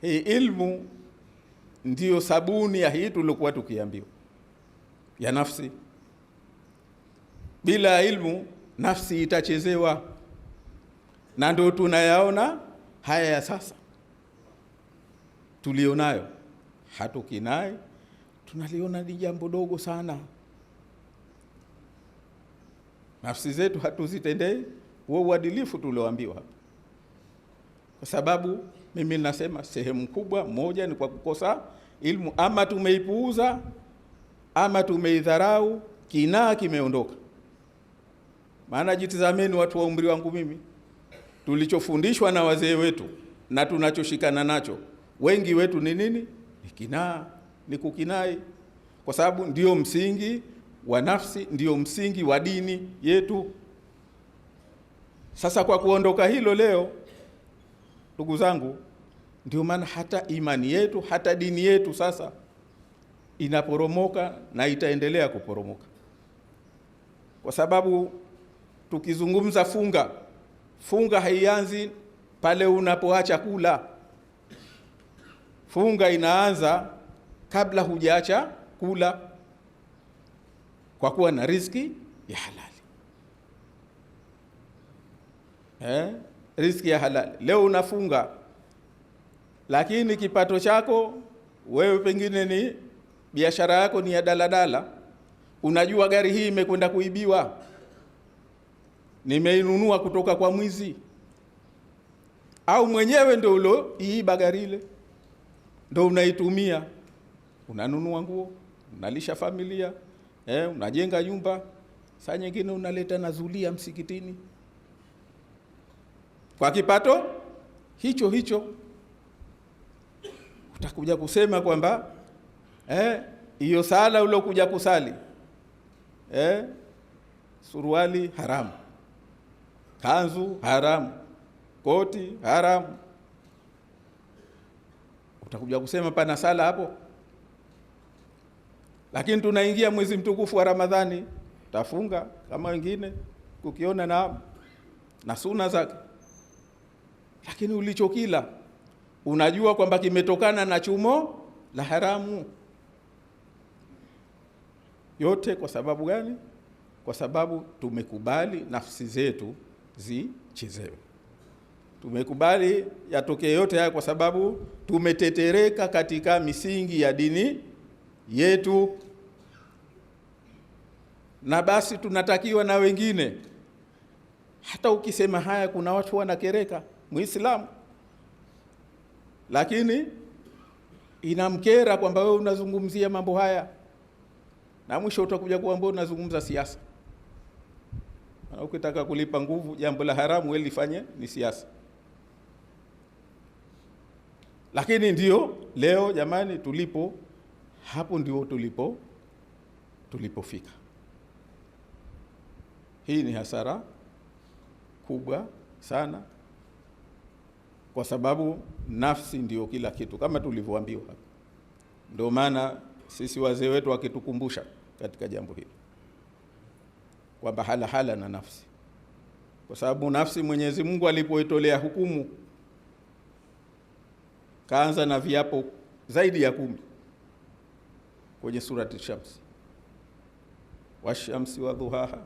Hii ilmu ndiyo sabuni ya hii tuliokuwa tukiambiwa ya nafsi. Bila ilmu nafsi itachezewa, na ndio tunayaona haya ya sasa tulionayo, hatukinai, tunaliona ni jambo dogo sana. Nafsi zetu hatuzitendei huo uadilifu tulioambiwa hapa kwa sababu mimi nasema sehemu kubwa moja ni kwa kukosa ilmu, ama tumeipuuza ama tumeidharau, kinaa kimeondoka. Maana jitizameni, watu wa umri wangu mimi, tulichofundishwa na wazee wetu na tunachoshikana nacho wengi wetu ni nini? Ni kinaa, ni kukinai, kwa sababu ndio msingi wa nafsi, ndio msingi wa dini yetu. Sasa kwa kuondoka hilo leo Ndugu zangu, ndio maana hata imani yetu hata dini yetu sasa inaporomoka na itaendelea kuporomoka, kwa sababu tukizungumza funga, funga haianzi pale unapoacha kula. Funga inaanza kabla hujaacha kula, kwa kuwa na riziki ya halali eh? riziki ya halali. Leo unafunga lakini kipato chako wewe pengine ni biashara yako ni ya daladala, unajua gari hii imekwenda kuibiwa, nimeinunua kutoka kwa mwizi, au mwenyewe ndio ulioiiba gari ile, ndio unaitumia, unanunua nguo, unalisha familia eh, unajenga nyumba, saa nyingine unaleta na zulia msikitini kwa kipato hicho hicho. Utakuja kusema kwamba eh, hiyo eh, sala uliokuja kusali eh, suruali haramu, kanzu haramu, koti haramu. Utakuja kusema pana sala hapo? Lakini tunaingia mwezi mtukufu wa Ramadhani, tafunga kama wengine, kukiona na na suna zake lakini ulichokila unajua kwamba kimetokana na chumo la haramu. Yote kwa sababu gani? Kwa sababu tumekubali nafsi zetu zichezewe, tumekubali yatokee yote haya kwa sababu tumetetereka katika misingi ya dini yetu, na basi tunatakiwa na wengine. Hata ukisema haya, kuna watu wanakereka. Muislamu, lakini inamkera kwamba wewe unazungumzia mambo haya na mwisho utakuja kuambia unazungumza siasa. Ukitaka kulipa nguvu jambo la haramu, wewe lifanye ni siasa. Lakini ndio leo jamani, tulipo hapo, ndio tulipo tulipofika. Hii ni hasara kubwa sana kwa sababu nafsi ndiyo kila kitu kama tulivyoambiwa hapa. Ndio maana sisi wazee wetu wakitukumbusha katika jambo hili kwamba halahala na nafsi, kwa sababu nafsi Mwenyezi Mungu alipoitolea hukumu kaanza na viapo zaidi ya kumi kwenye surati Shamsi, washamsi wa dhuhaha.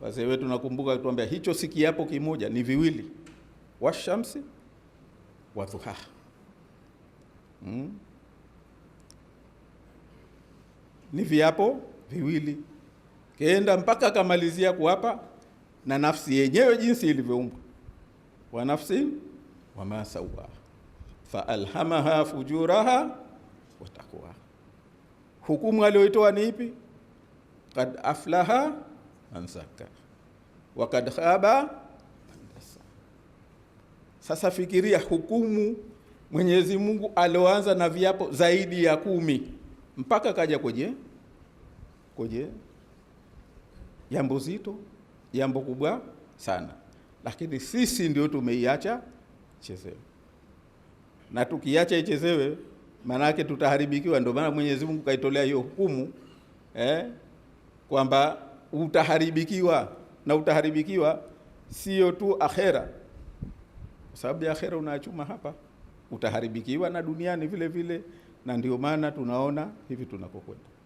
Wazee wetu nakumbuka kutuambia hicho si kiapo kimoja, ni viwili washamsi wa dhuhaha. hmm? Ni viapo viwili kenda mpaka akamalizia kuapa na nafsi yenyewe jinsi ilivyoumbwa, wa nafsin wama sawaha faalhamaha fujuraha watakwaha. Hukumu aliyoitoa ni ipi? Kad aflaha man zakkaha wa kad khaba sasa fikiria hukumu Mwenyezi Mungu alioanza na viapo zaidi ya kumi mpaka kaja kwenye kwenye jambo zito, jambo kubwa sana, lakini sisi ndio tumeiacha chezewe, na tukiacha ichezewe maanake tutaharibikiwa. Ndio maana Mwenyezi Mungu kaitolea hiyo hukumu eh, kwamba utaharibikiwa na utaharibikiwa sio tu akhera sababu ya akhera unachuma hapa, utaharibikiwa na duniani vile vile, na ndio maana tunaona hivi tunakokwenda.